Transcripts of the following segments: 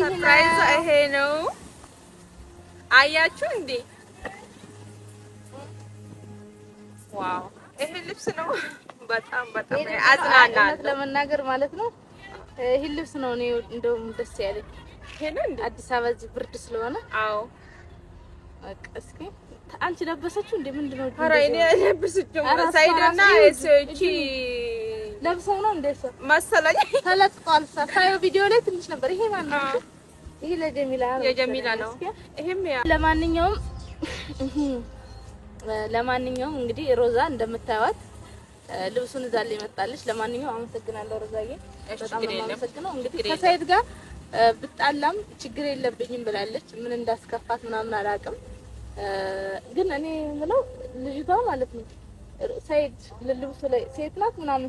ሰርፕራይዝ ይሄ ነው። አያችሁ እንዴ! ዋው! ይሄ ልብስ ነው። በጣም በጣም አዝናናለሁ ለመናገር ማለት ነው። ይሄ ልብስ ነው እኔ እንደውም ደስ ያለኝ አዲስ አበባ እዚህ ብርድ ስለሆነ አዎ እስኪ አንቺ ለበሰችው እንዴ? ምንድን ነው? ኧረ እኔ ለብስችው ሳይደና እቺ ለብሰው ነው እንደሱ መሰለኝ ተለጥቋል። ሳየው ቪዲዮ ላይ ትንሽ ነበር። ይሄ ማን ነው? ይሄ ለጀሚላ ነው፣ የጀሚላ ነው። ይሄም ያ ለማንኛውም ለማንኛውም እንግዲህ ሮዛ እንደምታዩት ልብሱን እዛ ላይ መጣለች። ለማንኛውም አመሰግናለሁ ሮዛዬ፣ በጣም ነው አመሰግናለሁ። እንግዲህ ከሳይድ ጋር ብጣላም ችግር የለብኝም ብላለች። ምን እንዳስከፋት ምናምን አላውቅም፣ ግን እኔ ምለው ልጅቷ ማለት ነው ሳይድ ልብሱ ላይ ሴት ናት ምናምን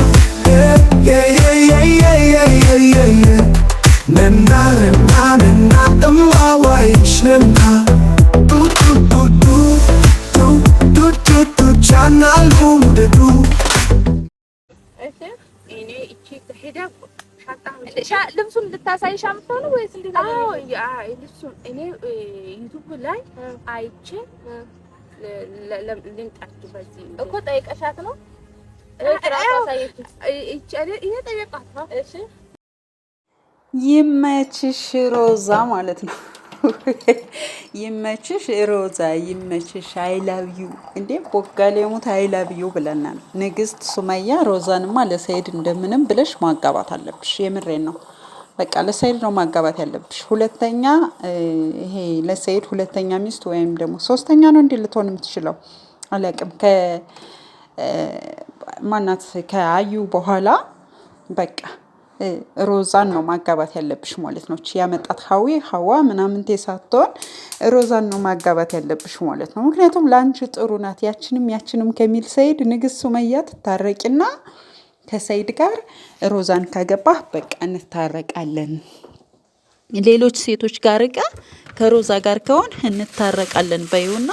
አይሻ ነው ወይስ እንዴት? አዎ እሱን እኔ ዩቱብ ላይ አይቼ ልምጣችሁ በዚህ እኮ ጠይቀሻት ነው ይመችሽ ሮዛ ማለት ነው። ይመችሽ ሮዛ፣ ይመችሽ አይላብዩ እንዴ ቦጋሌ ቦጋሌሙት አይላብዩ ብለናል። ንግስት ሱመያ ሮዛንማ ለሰይድ እንደምንም ብለሽ ማጋባት አለብሽ። የምሬን ነው። በቃ ለሰይድ ነው ማጋባት ያለብሽ። ሁለተኛ ይሄ ለሰይድ ሁለተኛ ሚስት ወይም ደግሞ ሶስተኛ ነው እንዲህ ልትሆን የምትችለው አላቅም። ከማናት ከአዩ በኋላ በቃ ሮዛን ነው ማጋባት ያለብሽ ማለት ነው። ያመጣት ሀዊ ሀዋ ምናምን ሳትሆን ሮዛን ነው ማጋባት ያለብሽ ማለት ነው። ምክንያቱም ለአንቺ ጥሩ ናት። ያችንም ያችንም ከሚል ሰይድ ንግስት ሱመያ ትታረቂና ከሰይድ ጋር ሮዛን ካገባህ በቃ እንታረቃለን። ሌሎች ሴቶች ጋር ቀ ከሮዛ ጋር ከሆን እንታረቃለን በይውና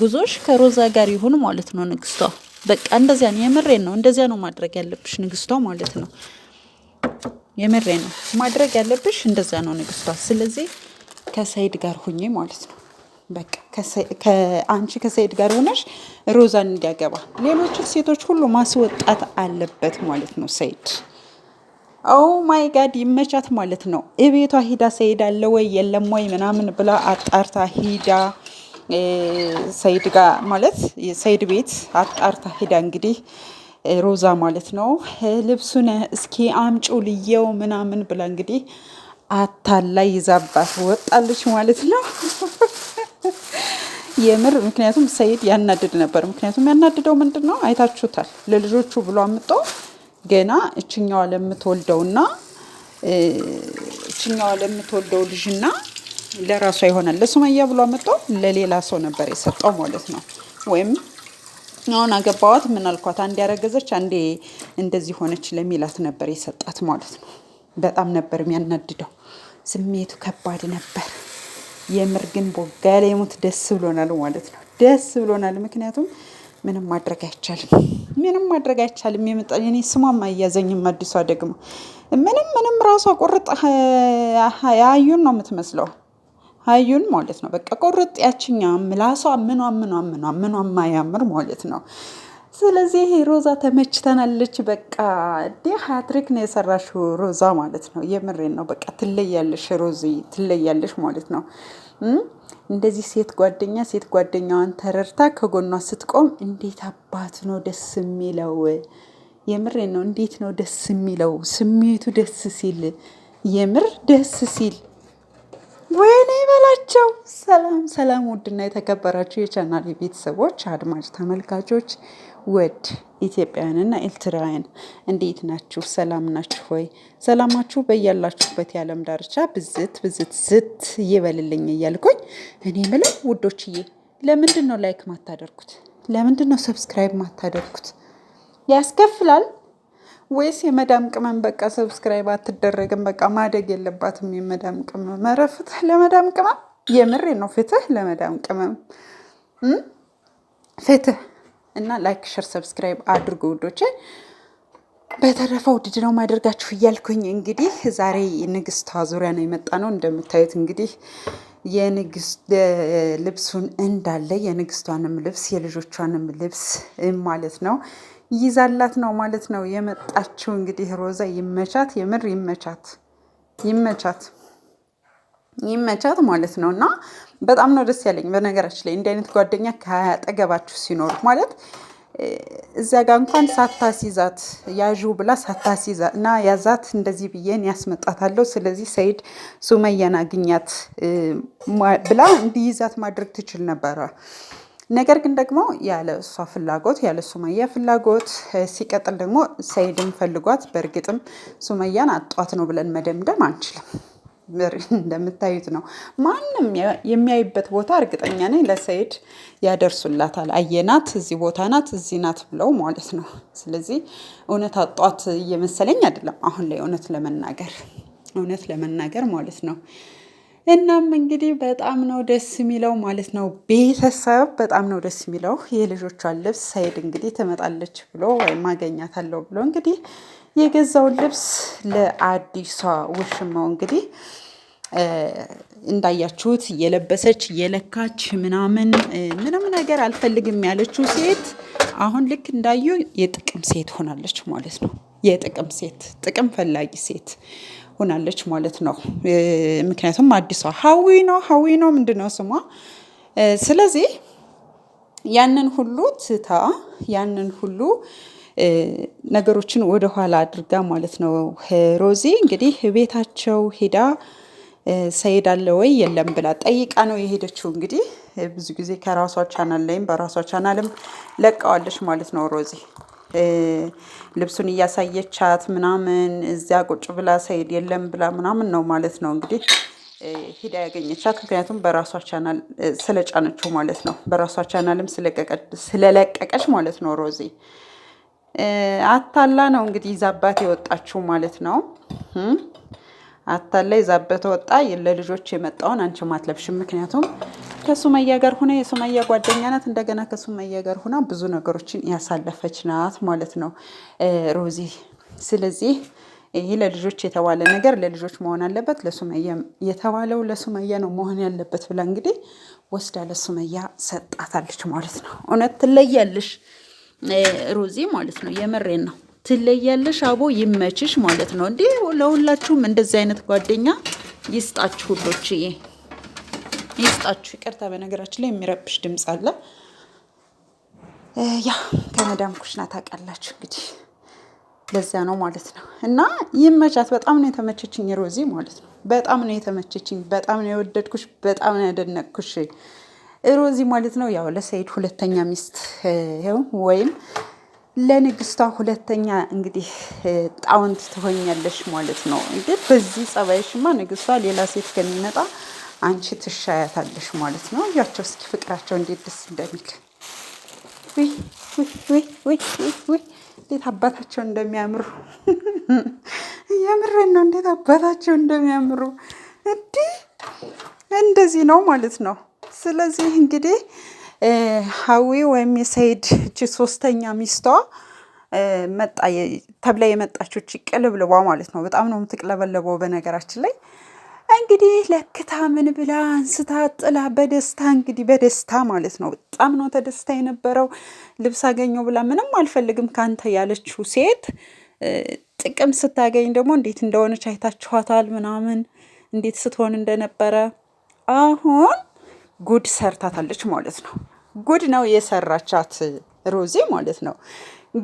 ጉዞሽ ከሮዛ ጋር ይሁን ማለት ነው ንግስቷ። በቃ እንደዚያ ነው። የምሬን ነው። እንደዚያ ነው ማድረግ ያለብሽ ንግስቷ ማለት ነው። የምሬን ነው ማድረግ ያለብሽ እንደዚያ ነው ንግስቷ። ስለዚህ ከሰይድ ጋር ሁኚ ማለት ነው። በቃ ከአንቺ ከሰይድ ጋር ሆነሽ ሮዛን እንዲያገባ ሌሎች ሴቶች ሁሉ ማስወጣት አለበት ማለት ነው። ሰይድ ኦ ማይ ጋድ ይመቻት ማለት ነው። እቤቷ ሂዳ ሰይድ አለ ወይ የለም ወይ ምናምን ብላ አጣርታ ሂዳ ሰይድ ጋር ማለት ሰይድ ቤት አጣርታ ሂዳ እንግዲህ ሮዛ ማለት ነው ልብሱን እስኪ አምጪ ልየው ምናምን ብላ እንግዲህ አታላ ይዛባት ወጣለች ማለት ነው። የምር ምክንያቱም ሰይድ ያናድድ ነበር። ምክንያቱም ያናድደው ምንድን ነው አይታችሁታል። ለልጆቹ ብሎ አምጦ ገና እችኛዋ ለምትወልደውና እችኛዋ ለምትወልደው ልጅና ለራሷ ይሆናል ለሱመያ ብሎ አምጦ ለሌላ ሰው ነበር የሰጠው ማለት ነው። ወይም አሁን አገባዋት ምን አልኳት፣ አንዴ ያረገዘች አንዴ እንደዚህ ሆነች ለሚላት ነበር የሰጣት ማለት ነው። በጣም ነበር የሚያናድደው። ስሜቱ ከባድ ነበር። የምር ግን ቦጋ ላይ ሞት ደስ ብሎናል ማለት ነው። ደስ ብሎናል ምክንያቱም ምንም ማድረግ አይቻልም። ምንም ማድረግ አይቻልም። የመጣ እኔ ስሟም አያዘኝም። አዲሷ ደግሞ ምንም ምንም ራሷ ቁርጥ አዩን ነው የምትመስለው። አዩን ማለት ነው በቃ ቁርጥ ያችኛ ምላሷ ምኗ ምኗ ምኗ ምኗ ማያምር ማለት ነው። ስለዚህ ሮዛ ተመችተናለች። በቃ እንዴ ሀትሪክ ነው የሰራሽው ሮዛ ማለት ነው። የምሬን ነው። በቃ ትለያለሽ ሮዚ ትለያለሽ ማለት ነው። እንደዚህ ሴት ጓደኛ ሴት ጓደኛዋን ተረድታ ከጎኗ ስትቆም እንዴት አባት ነው ደስ የሚለው። የምሬን ነው። እንዴት ነው ደስ የሚለው ስሜቱ ደስ ሲል የምር ደስ ሲል ወይኔ በላቸው። ሰላም ሰላም! ውድና የተከበራችሁ የቻናል ቤተሰቦች አድማጭ ተመልካቾች ውድ ኢትዮጵያውያንና ኤርትራውያን እንዴት ናችሁ? ሰላም ናችሁ ወይ? ሰላማችሁ በያላችሁበት የዓለም ዳርቻ ብዝት ብዝት ዝት እየበልልኝ እያልኩኝ እኔ ምለው ውዶችዬ፣ ለምንድን ነው ላይክ ማታደርጉት? ለምንድን ነው ሰብስክራይብ ማታደርጉት? ያስከፍላል ወይስ የመዳም ቅመም በቃ ሰብስክራይብ አትደረግም፣ በቃ ማደግ የለባትም የመዳም ቅመም። ኧረ ፍትህ ለመዳም ቅመም! የምሬ ነው። ፍትህ ለመዳም ቅመም! ፍትህ እና ላይክ፣ ሸር፣ ሰብስክራይብ አድርጉ ውዶቼ። በተረፈ ውድድ ነው ማደርጋችሁ እያልኩኝ እንግዲህ ዛሬ ንግስቷ ዙሪያ ነው የመጣ ነው። እንደምታዩት እንግዲህ ልብሱን እንዳለ የንግስቷንም ልብስ የልጆቿንም ልብስ ማለት ነው ይዛላት ነው ማለት ነው የመጣችው። እንግዲህ ሮዛ ይመቻት፣ የምር ይመቻት፣ ይመቻት። ይመቻት ማለት ነው። እና በጣም ነው ደስ ያለኝ በነገራችን ላይ እንዲህ አይነት ጓደኛ ከጠገባችሁ ሲኖር ማለት እዚያ ጋር እንኳን ሳታሲዛት ያዥ ብላ ሳታሲዛት እና ያዛት እንደዚህ ብዬን ያስመጣታለሁ። ስለዚህ ሰይድ ሱመያን አግኛት ብላ እንዲይዛት ማድረግ ትችል ነበረ። ነገር ግን ደግሞ ያለ እሷ ፍላጎት ያለ ሱመያ ፍላጎት ሲቀጥል ደግሞ ሰይድም ፈልጓት በእርግጥም ሱመያን አጧት ነው ብለን መደምደም አንችልም። እንደምታዩት ነው። ማንም የሚያይበት ቦታ እርግጠኛ ነኝ ለሰይድ ያደርሱላታል። አየናት፣ እዚህ ቦታ ናት፣ እዚህ ናት ብለው ማለት ነው። ስለዚህ እውነት አጧት እየመሰለኝ አይደለም አሁን ላይ እውነት ለመናገር እውነት ለመናገር ማለት ነው። እናም እንግዲህ በጣም ነው ደስ የሚለው ማለት ነው። ቤተሰብ በጣም ነው ደስ የሚለው። የልጆቿን ልብስ ሳይድ እንግዲህ ትመጣለች ብሎ ወይም አገኛታለሁ ብሎ እንግዲህ የገዛውን ልብስ ለአዲሷ ውሽማው እንግዲህ እንዳያችሁት እየለበሰች እየለካች ምናምን ምንም ነገር አልፈልግም ያለችው ሴት አሁን ልክ እንዳዩ የጥቅም ሴት ሆናለች ማለት ነው። የጥቅም ሴት ጥቅም ፈላጊ ሴት ሆናለች ማለት ነው። ምክንያቱም አዲሷ ሀዊ ነው ሀዊ ነው ምንድን ነው ስሟ። ስለዚህ ያንን ሁሉ ትታ ያንን ሁሉ ነገሮችን ወደኋላ አድርጋ ማለት ነው። ሮዚ እንግዲህ ቤታቸው ሄዳ ሰይድ አለ ወይ የለም ብላ ጠይቃ ነው የሄደችው። እንግዲህ ብዙ ጊዜ ከራሷ ቻናል ላይም በራሷ ቻናልም ለቃዋለች ማለት ነው ሮዚ ልብሱን እያሳየቻት ምናምን እዚያ ቁጭ ብላ ሰይድ የለም ብላ ምናምን ነው ማለት ነው እንግዲህ ሂዳ ያገኘቻት። ምክንያቱም በራሷ ቻናል ስለጫነችው ማለት ነው፣ በራሷ ቻናልም ስለለቀቀች ማለት ነው። ሮዚ አታላ ነው እንግዲህ ይዛባት የወጣችው ማለት ነው። አታላ ይዛበት ወጣ። ለልጆች የመጣውን አንቺ ማትለብሽም ምክንያቱም ከሱመያ ጋር ሆነ የሱመያ ጓደኛ ናት። እንደገና ከሱመያ ጋር ሆና ብዙ ነገሮችን ያሳለፈች ናት ማለት ነው ሮዚ። ስለዚህ ይህ ለልጆች የተባለ ነገር ለልጆች መሆን አለበት፣ ለሱመያ የተባለው ለሱመያ ነው መሆን ያለበት ብላ እንግዲህ ወስዳ ለሱመያ ሰጣታለች ማለት ነው። እውነት ትለያለሽ ሮዚ ማለት ነው። የምሬን ነው ትለያለሽ። አቦ ይመችሽ ማለት ነው። እንዲህ ለሁላችሁም እንደዚህ አይነት ጓደኛ ይስጣችሁ ሁሎችዬ። ይስጣችሁ። ይቅርታ፣ በነገራችን ላይ የሚረብሽ ድምፅ አለ። ያ ከመዳም ኩሽና ታውቃላችሁ እንግዲህ ለዚያ ነው ማለት ነው። እና ይመቻት። በጣም ነው የተመቸችኝ ሮዚ ማለት ነው። በጣም ነው የተመቸችኝ። በጣም ነው የወደድኩሽ። በጣም ነው ያደነቅኩሽ ሮዚ ማለት ነው። ያው ለሰይድ ሁለተኛ ሚስት ወይም ለንግስቷ ሁለተኛ እንግዲህ ጣውንት ትሆኛለሽ ማለት ነው። እንግዲህ በዚህ ጸባይሽማ ንግስቷ ሌላ ሴት ከሚመጣ አንቺ ትሻያታለሽ ማለት ነው። እያቸው እስኪ ፍቅራቸው እንዴት ደስ እንደሚል እንዴት አባታቸው እንደሚያምሩ የምሬን ነው። እንዴት አባታቸው እንደሚያምሩ እንዲህ እንደዚህ ነው ማለት ነው። ስለዚህ እንግዲህ ሀዊ ወይም የሰይድ እቺ ሶስተኛ ሚስቷ መጣ ተብላ የመጣችው እቺ ቅልብልቧ ማለት ነው። በጣም ነው የምትቅለበለበው በነገራችን ላይ እንግዲህ ለክታ ምን ብላ አንስታ ጥላ በደስታ እንግዲህ በደስታ ማለት ነው። በጣም ነው ተደስታ የነበረው። ልብስ አገኘው ብላ ምንም አልፈልግም ካንተ ያለችው ሴት ጥቅም ስታገኝ ደግሞ እንዴት እንደሆነች አይታችኋታል፣ ምናምን እንዴት ስትሆን እንደነበረ አሁን ጉድ ሰርታታለች ማለት ነው። ጉድ ነው የሰራቻት ሮዚ ማለት ነው።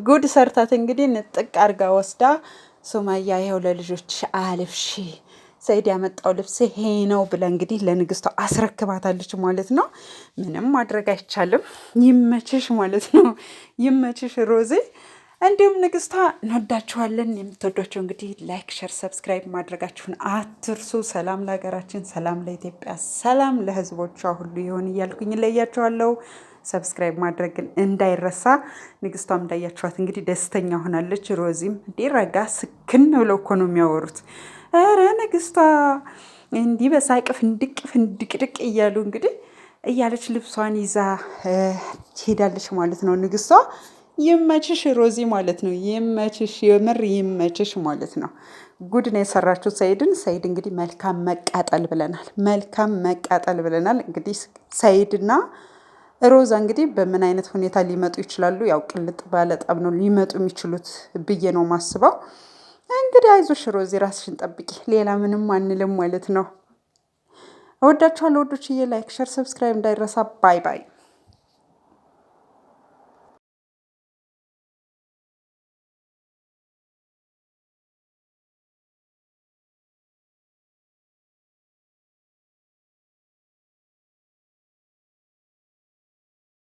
ጉድ ሰርታት እንግዲህ ንጥቅ አድርጋ ወስዳ ሱማያ፣ ይኸው ለልጆች አልፍሺ ሰኢድ ያመጣው ልብስ ይሄ ነው ብላ እንግዲህ ለንግስቷ አስረክባታለች ማለት ነው። ምንም ማድረግ አይቻልም። ይመችሽ ማለት ነው። ይመችሽ ሮዚ እንዲሁም ንግስቷ እንወዳችኋለን። የምትወዷቸው እንግዲህ ላይክ፣ ሸር፣ ሰብስክራይብ ማድረጋችሁን አትርሱ። ሰላም ለሀገራችን፣ ሰላም ለኢትዮጵያ፣ ሰላም ለህዝቦቿ ሁሉ ይሆን እያልኩኝ እለያችኋለሁ። ሰብስክራይብ ማድረግን እንዳይረሳ። ንግስቷም እንዳያችኋት እንግዲህ ደስተኛ ሆናለች። ሮዚም እንዲህ ረጋ ስክን ብለው እኮ ነው የሚያወሩት። ኧረ ንግስቷ እንዲህ በሳቅ ፍንድቅ ፍንድቅድቅ እያሉ እንግዲህ እያለች ልብሷን ይዛ ትሄዳለች ማለት ነው። ንግስቷ ይመችሽ ሮዚ ማለት ነው። ይመችሽ፣ የምር ይመችሽ ማለት ነው። ጉድ ነው የሰራችው ሰይድን። ሰይድ እንግዲህ መልካም መቃጠል ብለናል፣ መልካም መቃጠል ብለናል። እንግዲህ ሰይድና ሮዛ እንግዲህ በምን አይነት ሁኔታ ሊመጡ ይችላሉ? ያው ቅልጥ ባለጠብ ነው ሊመጡ የሚችሉት ብዬ ነው ማስበው። እንግዲህ አይዞሽ ሮዚ ራስሽን ጠብቂ፣ ሌላ ምንም አንልም ማለት ነው። እወዳችኋለሁ ወዶችዬ። ላይክ፣ ሸር፣ ሰብስክራይብ እንዳይረሳ። ባይ ባይ።